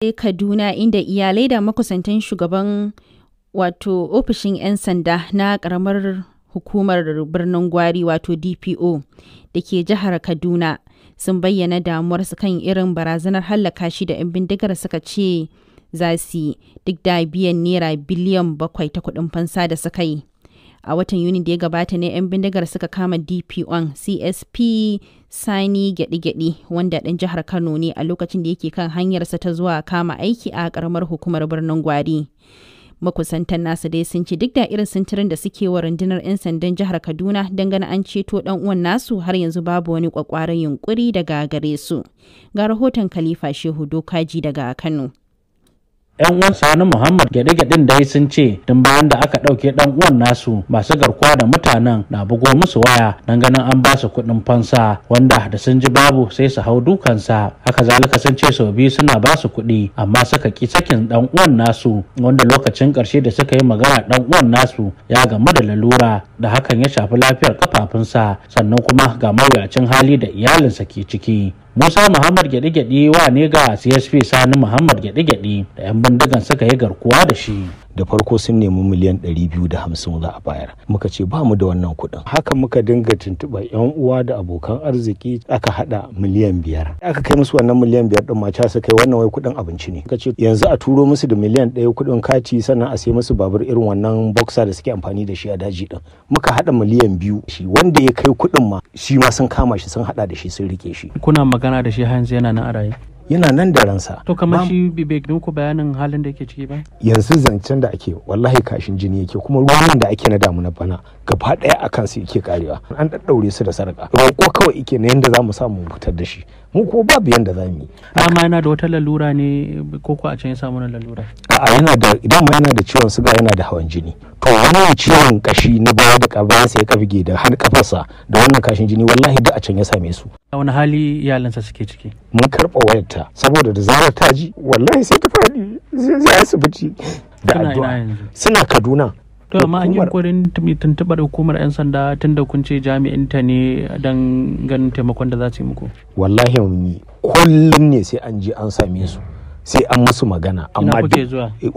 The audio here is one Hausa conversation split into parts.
Kaduna, inda iyalai da makusantan shugaban ofishin 'yan sanda na karamar hukumar Birnin Gwari wato (DPO) da ke jihar Kaduna sun bayyana damuwarsu kan irin barazanar hallaka shi da 'yan bindigar suka ce za su yi, duk da biyan Naira biliyan bakwai ta kuɗin fansa da suka yi. a watan yuni da ya gabata ne 'yan bindigar suka kama dp1 csp sani gyaɗi-gyaɗi wanda ɗan jihar kano ne a lokacin da yake kan hanyarsa ta zuwa kama aiki a ƙaramar hukumar birnin gwari makusantan nasa dai sun ci duk da irin sintirin da suke wa rundunar 'yan sandan jihar kaduna dangane an ceto ɗan uwan nasu har yanzu babu wani kwakwaran yunkuri daga gare su ga rahoton kalifa shehu dokaji daga kano 'yan uwansa na Muhammad gyaɗe da ya sun ce tun bayan da aka ɗauke ɗan uwan nasu masu garkuwa da mutanen na bugo musu waya don ganin an ba su kuɗin fansa wanda da sun ji babu sai su hau dukansa haka zalika sun ce sau biyu suna ba su kuɗi amma suka ki sakin ɗan uwan nasu wanda lokacin ƙarshe da suka yi magana ɗan uwan nasu ya gamu da lalura da hakan ya shafi lafiyar kafafunsa sannan kuma ga mawuyacin hali da iyalinsa ke ciki Musa Muhammad gyaɗe-gyaɗe wa ne ga CSP Sani Muhammad gyaɗe-gyaɗe da 'yan bindigan suka yi garkuwa da shi. da farko sun nemi miliyan 250 za a bayar muka ce ba mu da wannan kuɗin haka muka dinga tuntuɓa yan uwa da abokan arziki aka hada miliyan biyar aka kai musu wannan miliyan biyar din mace su kai wannan wai kuɗin abinci ne ka ce yanzu a turo musu da miliyan ɗaya kuɗin kati sannan a sai musu babur irin wannan boxer da suke amfani da shi a daji din muka hada miliyan biyu shi wanda ya kai kuɗin ma shi ma sun kama shi sun hada da shi sun rike shi kuna magana da shi har yanzu yana nan a yana nan da ransa to kamar shi bai muku bayanin halin da yake ciki ba yanzu zancen da ake wallahi kashin jini yake kuma ruwan da ake na damuna bana gaba daya akan su yake karewa an daddaure su da sarka roƙo kawai yake na yanda zamu samu fitar da shi mu ko babu yanda zamu yi amma yana da wata lalura ne ko ko a can ya samu na lalura a'a yana da idan ma yana da ciwon suga yana da hawan jini to wannan ciwon kashi na baya da bayan sa ya kabige da har kafarsa da wannan kashin jini wallahi duk a can ya same su a wani hali iyalinsa suke ciki mun karɓa wayarta saboda da zarar ta ji wallahi sai ta faɗi sai asibiti da addu'a suna kaduna to amma an yi kokarin tuntubar hukumar 'yan sanda tun kun ce jami'in ta ne dan ganin taimakon da za su yi muku wallahi mun kullum ne sai an je an same su sai an musu magana amma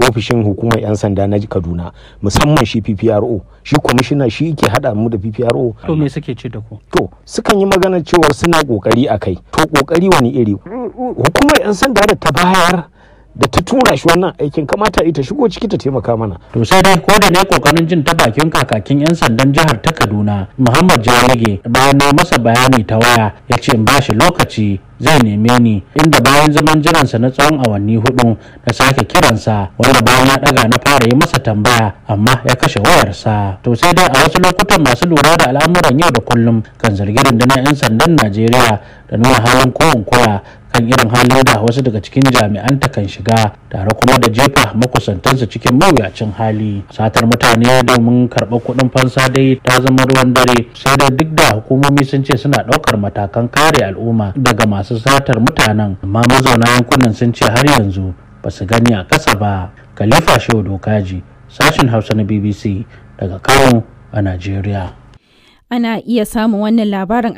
ofishin hukumar 'yan sanda na kaduna musamman shi ppro shi kwamishina shi ke hada mu da ppro to me suke ce da ku to sukan yi magana cewa suna kokari a kai to kokari wani iri hukumar 'yan sanda da ta bayar da ta tura shi wannan aikin kamata ita shigo ciki ta taimaka mana. To sai dai ko da ne kokarin jin ta bakin kakakin 'yan sandan jihar ta Kaduna Muhammad Jalige bayan na masa bayani ta waya ya ce ba shi lokaci zai neme ni inda bayan zaman jiransa na tsawon awanni hudu na sake kiransa wanda bayan ya daga na fara yi masa tambaya amma ya kashe wayarsa to sai dai a wasu lokutan masu lura da al'amuran yau da kullum kan zargi rundunar 'yan sandan najeriya da nuna halin koya. kan irin halin da wasu daga cikin jami'anta kan shiga tare kuma da jefa makusantansa cikin mawuyacin hali satar mutane domin karɓar kuɗin fansa dai ta zama ruwan dare sai dai duk da hukumomi sun ce suna ɗaukar matakan kare al'umma daga masu satar mutanen amma mazauna yankunan sun ce har yanzu ba su gani a ƙasa ba khalifa shehu dokaji sashen hausa na bbc daga kano a najeriya ana iya samun wannan labarin